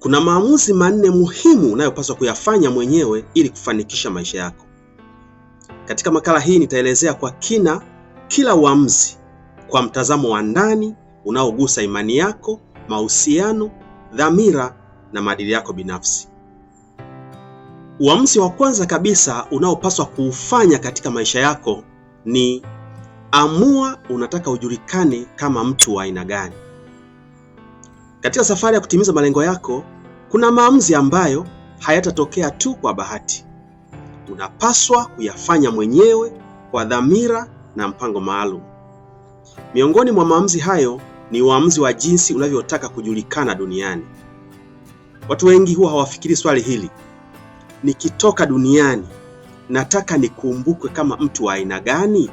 Kuna maamuzi manne muhimu unayopaswa kuyafanya mwenyewe ili kufanikisha maisha yako. Katika makala hii nitaelezea kwa kina kila uamuzi kwa mtazamo wa ndani unaogusa imani yako, mahusiano, dhamira na maadili yako binafsi. Uamuzi wa kwanza kabisa unaopaswa kuufanya katika maisha yako ni amua unataka ujulikane kama mtu wa aina gani. Katika safari ya kutimiza malengo yako, kuna maamuzi ambayo hayatatokea tu kwa bahati. Unapaswa kuyafanya mwenyewe kwa dhamira na mpango maalum. Miongoni mwa maamuzi hayo ni uamuzi wa jinsi unavyotaka kujulikana duniani. Watu wengi huwa hawafikiri swali hili: nikitoka duniani nataka nikumbukwe kama mtu wa aina gani?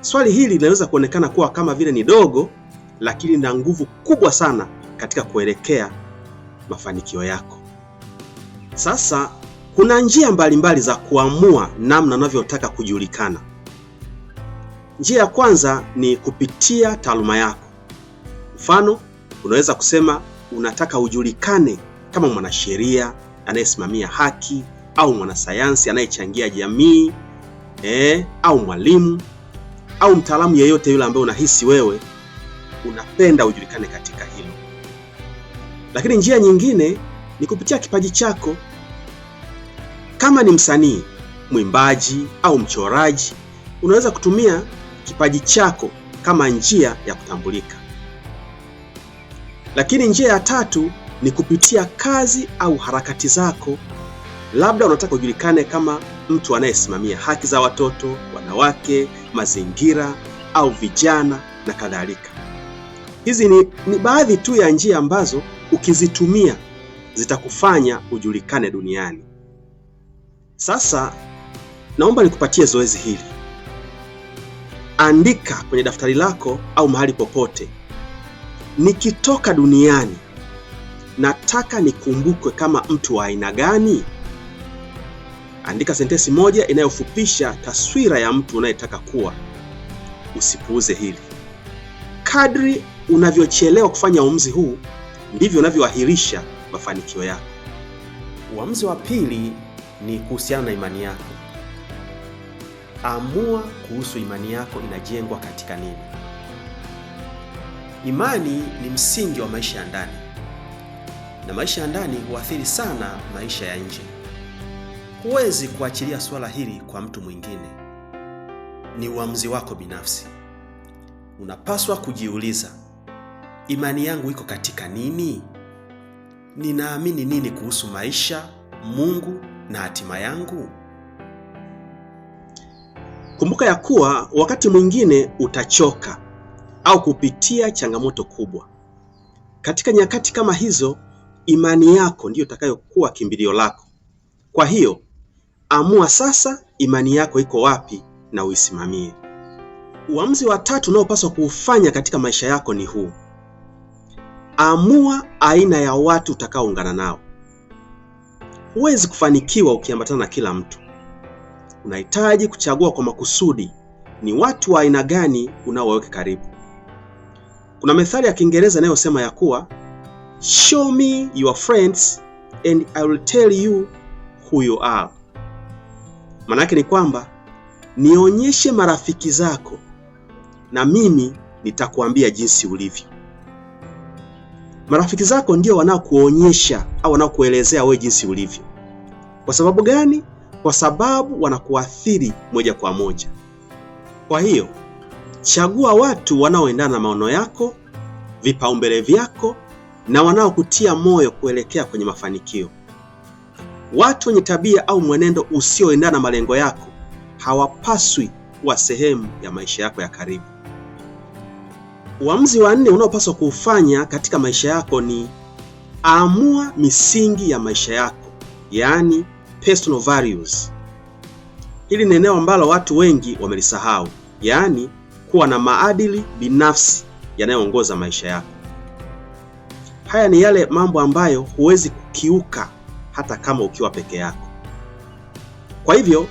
Swali hili linaweza kuonekana kuwa kama vile ni dogo, lakini na nguvu kubwa sana katika kuelekea mafanikio yako. Sasa kuna njia mbalimbali mbali za kuamua namna unavyotaka kujulikana. Njia ya kwanza ni kupitia taaluma yako. Mfano, unaweza kusema unataka ujulikane kama mwanasheria anayesimamia haki au mwanasayansi anayechangia jamii eh, au mwalimu au mtaalamu yeyote yule ambaye unahisi wewe unapenda ujulikane katika hilo. Lakini njia nyingine ni kupitia kipaji chako. Kama ni msanii, mwimbaji au mchoraji, unaweza kutumia kipaji chako kama njia ya kutambulika. Lakini njia ya tatu ni kupitia kazi au harakati zako. Labda unataka ujulikane kama mtu anayesimamia haki za watoto, wanawake, mazingira au vijana na kadhalika. Hizi ni, ni baadhi tu ya njia ambazo ukizitumia zitakufanya ujulikane duniani. Sasa naomba nikupatie zoezi hili. Andika kwenye daftari lako au mahali popote, nikitoka duniani nataka nikumbukwe kama mtu wa aina gani? Andika sentensi moja inayofupisha taswira ya mtu unayetaka kuwa. Usipuuze hili. Kadri Unavyochelewa kufanya uamuzi huu ndivyo unavyoahirisha mafanikio yako. Uamuzi wa pili ni kuhusiana na imani yako. Amua kuhusu imani yako inajengwa katika nini. Imani ni msingi wa maisha ya ndani, na maisha ya ndani huathiri sana maisha ya nje. Huwezi kuachilia suala hili kwa mtu mwingine, ni uamuzi wako binafsi. Unapaswa kujiuliza Imani yangu iko katika nini? Ninaamini nini kuhusu maisha, Mungu na hatima yangu? Kumbuka ya kuwa wakati mwingine utachoka au kupitia changamoto kubwa. Katika nyakati kama hizo, imani yako ndiyo itakayokuwa kimbilio lako. Kwa hiyo, amua sasa imani yako iko wapi na uisimamie. uamzi wa tatu unaopaswa kuufanya katika maisha yako ni huu. Amua aina ya watu utakaoungana nao. Huwezi kufanikiwa ukiambatana na kila mtu. Unahitaji kuchagua kwa makusudi ni watu wa aina gani unaowaweka karibu. Kuna methali ya Kiingereza inayosema ya kuwa show me your friends and I will tell you who you are. Maana yake ni kwamba nionyeshe marafiki zako na mimi nitakuambia jinsi ulivyo. Marafiki zako ndio wanaokuonyesha au wanaokuelezea wewe jinsi ulivyo. Kwa sababu gani? Kwa sababu wanakuathiri moja kwa moja. Kwa hiyo chagua watu wanaoendana na maono yako, vipaumbele vyako na wanaokutia moyo kuelekea kwenye mafanikio. Watu wenye tabia au mwenendo usioendana na malengo yako hawapaswi kuwa sehemu ya maisha yako ya karibu. Uamuzi wa nne unaopaswa kuufanya katika maisha yako ni amua misingi ya maisha yako, yaani personal values. Hili ni eneo ambalo watu wengi wamelisahau, yaani kuwa na maadili binafsi yanayoongoza maisha yako. Haya ni yale mambo ambayo huwezi kukiuka hata kama ukiwa peke yako. Kwa hivyo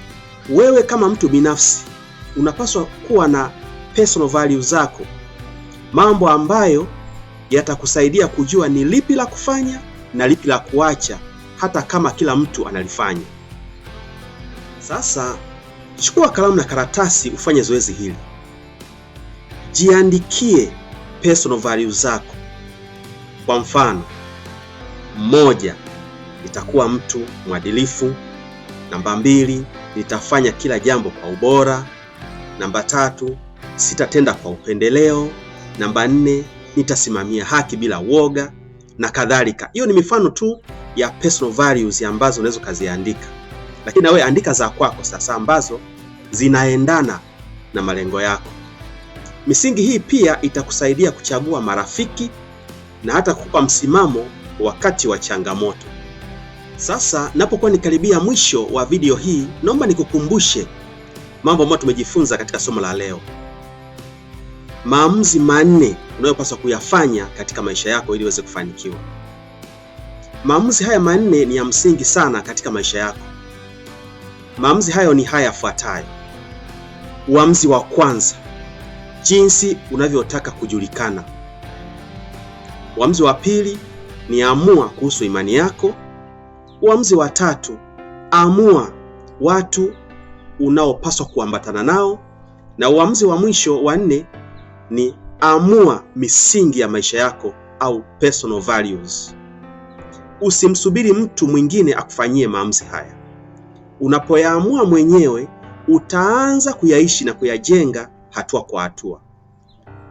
wewe kama mtu binafsi unapaswa kuwa na personal values zako mambo ambayo yatakusaidia kujua ni lipi la kufanya na lipi la kuacha, hata kama kila mtu analifanya. Sasa chukua kalamu na karatasi, ufanye zoezi hili. Jiandikie personal values zako. Kwa mfano, moja, nitakuwa mtu mwadilifu. Namba mbili, nitafanya kila jambo kwa ubora. Namba tatu, sitatenda kwa upendeleo. Namba nne, nitasimamia haki bila woga na kadhalika. Hiyo ni mifano tu ya personal values ambazo unaweza ukaziandika, lakini nawe andika za kwako sasa ambazo zinaendana na malengo yako. Misingi hii pia itakusaidia kuchagua marafiki na hata kukupa msimamo wakati wa changamoto. Sasa napokuwa nikaribia mwisho wa video hii, naomba nikukumbushe mambo ambayo tumejifunza katika somo la leo maamuzi manne unayopaswa kuyafanya katika maisha yako ili uweze kufanikiwa. Maamuzi haya manne ni ya msingi sana katika maisha yako. Maamuzi hayo ni haya yafuatayo. Uamuzi wa kwanza, jinsi unavyotaka kujulikana. Uamuzi wa pili ni amua kuhusu imani yako. Uamuzi wa tatu, amua watu unaopaswa kuambatana nao, na uamuzi wa mwisho wa nne ni amua misingi ya maisha yako au personal values. Usimsubiri mtu mwingine akufanyie maamuzi haya. Unapoyaamua mwenyewe, utaanza kuyaishi na kuyajenga hatua kwa hatua.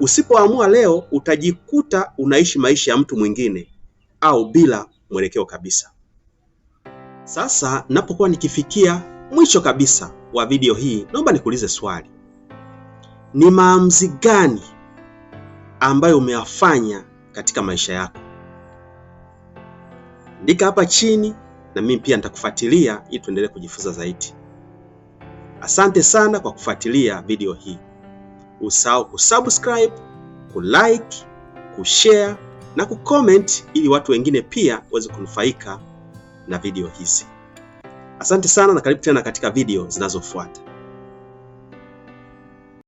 Usipoamua leo, utajikuta unaishi maisha ya mtu mwingine au bila mwelekeo kabisa. Sasa napokuwa nikifikia mwisho kabisa wa video hii, naomba nikuulize swali. Ni maamuzi gani ambayo umeyafanya katika maisha yako? Andika hapa chini, na mimi pia nitakufuatilia ili tuendelee kujifunza zaidi. Asante sana kwa kufuatilia video hii. Usahau kusubscribe, kulike, kushare na kucomment ili watu wengine pia waweze kunufaika na video hizi. Asante sana na karibu tena katika video zinazofuata.